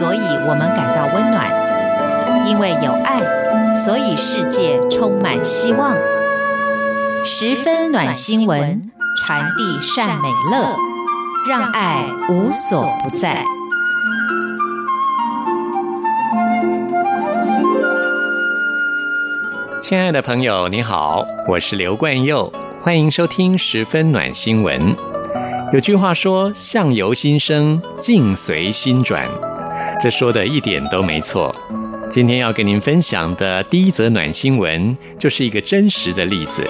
所以我們感到溫暖，因為有愛，所以世界充滿希望。十分暖新聞，傳遞善美樂，讓愛無所不在。親愛的朋友，你好，我是劉冠佑，歡迎收聽《十分暖新聞》。有句話說：“相由心生，境隨心轉。”這說的一點都沒錯。今天要跟您分享的第一則暖新聞，就是一個真實的例子。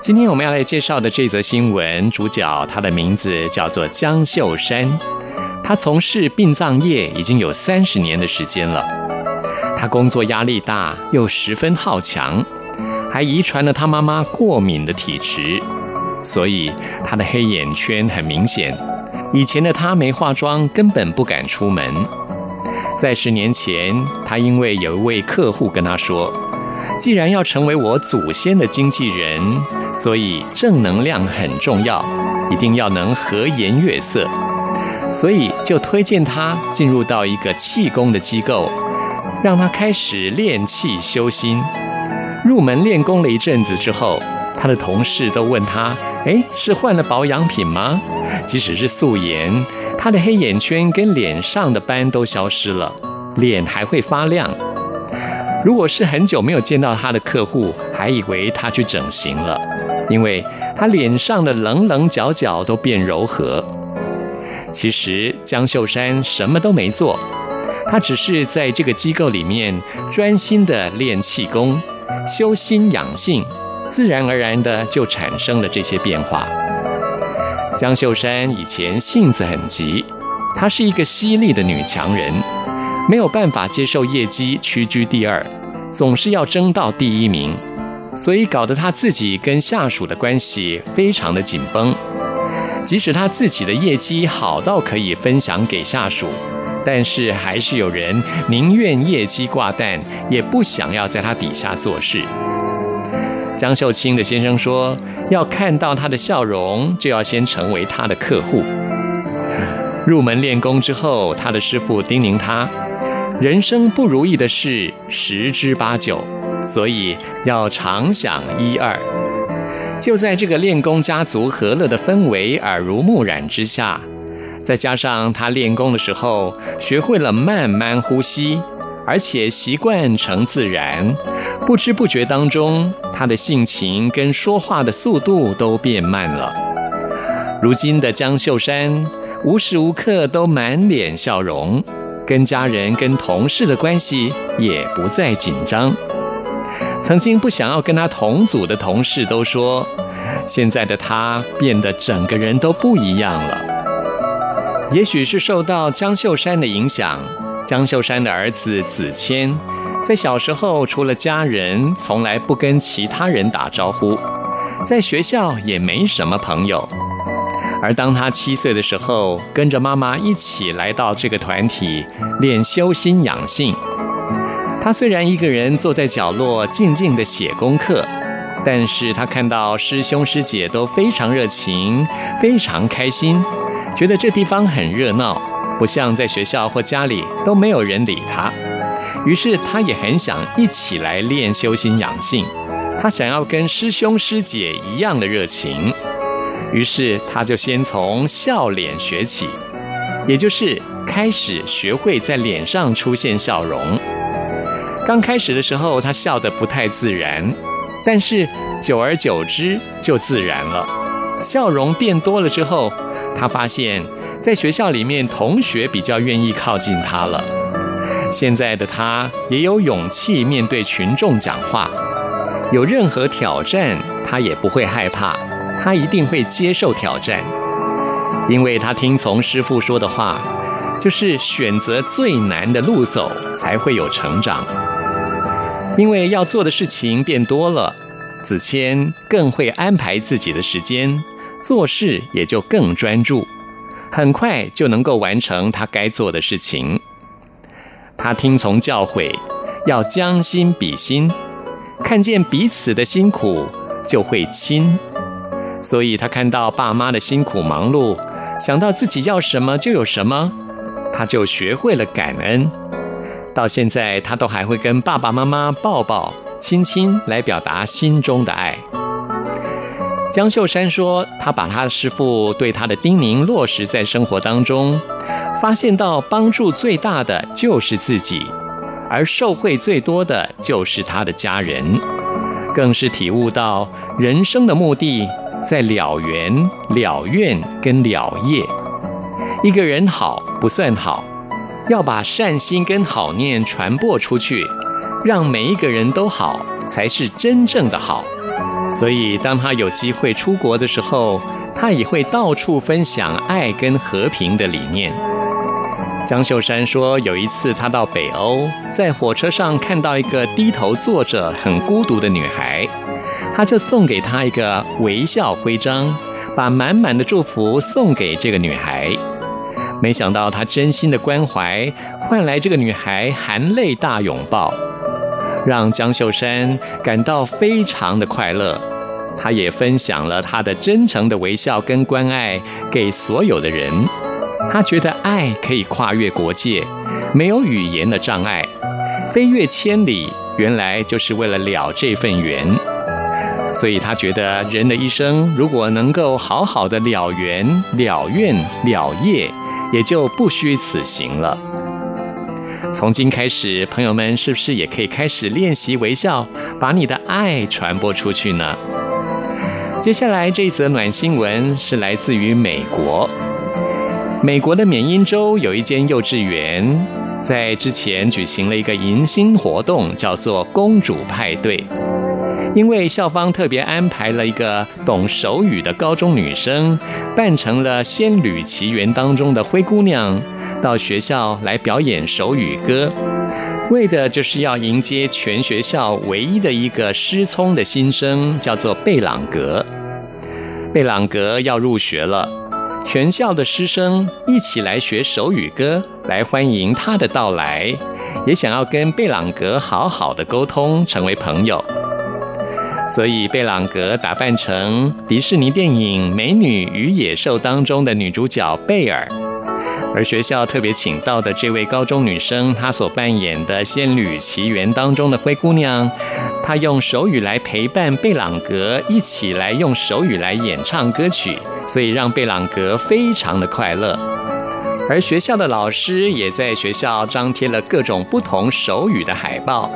今天我們要來介紹的這則新聞主角，他的名字叫做江秀山。他從事殯葬業已經有三十年的時間了。他工作壓力大，又十分好強，還遺傳了他媽媽過敏的體質，所以他的黑眼圈很明顯。以前的他沒化妝，根本不敢出門。在十年前，他因為有一位客戶跟他說：“既然要成為我祖先的經紀人，所以正能量很重要，一定要能和顏悅色。”所以就推薦他進入到一個氣功的機構，讓他開始練氣修心。入門練功了一陣子之後。他的同事都問他：“誒，是換了保養品嗎？即使是素顏，他的黑眼圈跟臉上的斑都消失了，臉還會發亮。如果是很久沒有見到他的客戶，還以為他去整形了，因為他臉上的稜稜角角都變柔和。其實江秀山什麼都沒做，他只是在這個機構裡面專心的練氣功，修心養性。”自然而然的就產生了這些變化。江秀山以前性子很急，她是一個犀利的女強人，沒有辦法接受業績屈居第二，總是要爭到第一名，所以搞得她自己跟下屬的關係非常的緊繃。即使她自己的業績好到可以分享給下屬，但是還是有人寧願業績掛蛋，也不想要在她底下做事。江秀清的先生說：“要看到他的笑容，就要先成為他的客戶。入門練功之後，他的師父叮嚀他：人生不如意的事十之八九，所以要常想一二。”就在這個練功家族和樂的氛圍耳濡目染之下，再加上他練功的時候學會了慢慢呼吸。而且習慣成自然，不知不覺當中，他的性情跟說話的速度都變慢了。如今的江秀山無時無刻都滿臉笑容，跟家人跟同事的關係也不再緊張。曾經不想要跟他同組的同事都說，現在的他變得整個人都不一樣了。也許是受到江秀山的影響。江秀山的兒子子謙，在小時候除了家人，從來不跟其他人打招呼，在學校也沒什麼朋友。而當他七歲的時候，跟着媽媽一起來到這個團體練修心養性。他雖然一個人坐在角落靜靜地寫功課，但是他看到師兄師姐都非常熱情，非常開心，覺得這地方很熱鬧。不像在學校或家裡都沒有人理他，於是他也很想一起來練修心養性。他想要跟師兄師姐一樣的熱情，於是他就先從笑臉學起，也就是開始學會在臉上出現笑容。剛開始的時候，他笑得不太自然，但是久而久之就自然了。笑容變多了之後，他發現，在學校裡面，同學比較願意靠近他了。現在的他也有勇氣面對群眾講話，有任何挑戰，他也不會害怕，他一定會接受挑戰，因為他聽從師父說的話，就是選擇最難的路走，才會有成長。因為要做的事情變多了，子謙更會安排自己的時間。做事也就更專注，很快就能夠完成他該做的事情。他聽從教誨，要將心比心，看見彼此的辛苦就會親。所以，他看到爸媽的辛苦忙碌，想到自己要什麼就有什麼，他就學會了感恩。到現在，他都還會跟爸爸媽媽抱抱、親親來表達心中的愛。江秀山說：“他把他的師父對他的叮嚀落實在生活當中，發現到幫助最大的就是自己，而受惠最多的就是他的家人，更是體悟到人生的目的在了緣、了願跟了業。一個人好不算好，要把善心跟好念傳播出去，讓每一個人都好，才是真正的好。”所以，當他有機會出國的時候，他也會到處分享愛跟和平的理念。江秀山說，有一次他到北歐，在火車上看到一個低頭坐着、很孤獨的女孩，他就送給她一個微笑徽章，把滿滿的祝福送給這個女孩。沒想到，他真心的關懷換來這個女孩含淚大擁抱。讓江秀山感到非常的快樂，他也分享了他的真誠的微笑跟關愛給所有的人。他覺得愛可以跨越國界，沒有語言的障礙，飛越千里，原來就是為了了這份緣。所以他覺得人的一生，如果能夠好好的了緣、了願、了業，也就不虛此行了。從今開始，朋友們是不是也可以開始練習微笑，把你的愛傳播出去呢？接下來這一則暖新聞是來自於美國，美國的緬因州有一間幼稚園，在之前舉行了一個迎新活動，叫做公主派對。因為校方特別安排了一個懂手語的高中女生，扮成了《仙履奇緣》當中的灰姑娘，到學校來表演手語歌，為的就是要迎接全學校唯一的一個失聰的新生，叫做貝朗格。貝朗格要入學了，全校的師生一起來學手語歌，來歡迎他的到來，也想要跟貝朗格好好的溝通，成為朋友。所以貝朗格打扮成迪士尼電影《美女與野獸》當中的女主角貝爾，而學校特別請到的這位高中女生，她所扮演的《仙女奇緣》當中的灰姑娘，她用手語來陪伴貝朗格，一起來用手語來演唱歌曲，所以讓貝朗格非常的快樂。而學校的老師也在學校張貼了各種不同手語的海報，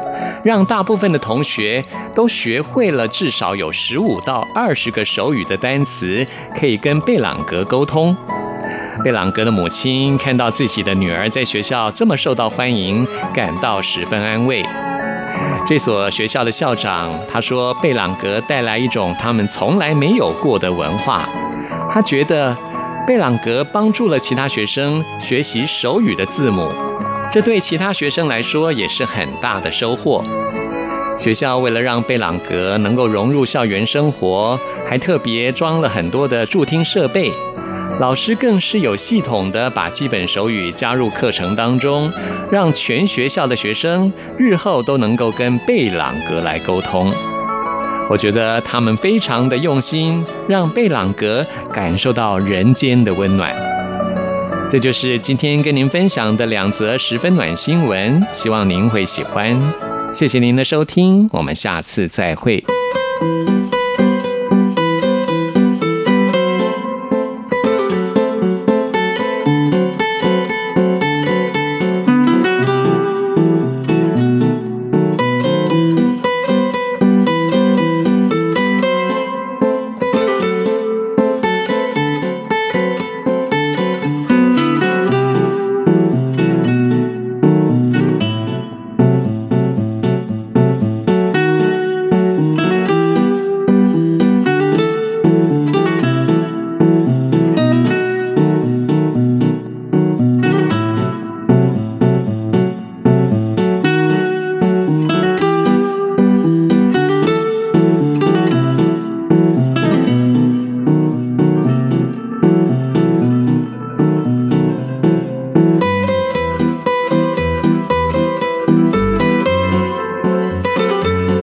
讓大部分的同學都學會了至少有十五到二十個手語的單詞，可以跟貝朗格溝通。貝朗格的母親看到自己的女兒在學校這麼受到歡迎，感到十分安慰。這所學校的校長他說：“貝朗格帶來一種他們從來沒有過的文化。”他覺得。貝朗格幫助了其他學生學習手語的字母，這對其他學生來說也是很大的收穫。學校為了讓貝朗格能夠融入校園生活，還特別裝了很多的助聽設備。老師更是有系統地把基本手語加入課程當中，讓全學校的學生日後都能夠跟貝朗格來溝通。我覺得他們非常的用心，讓貝朗格感受到人間的溫暖。這就是今天跟您分享的兩則十分暖新聞，希望您會喜歡。謝謝您的收聽，我們下次再會。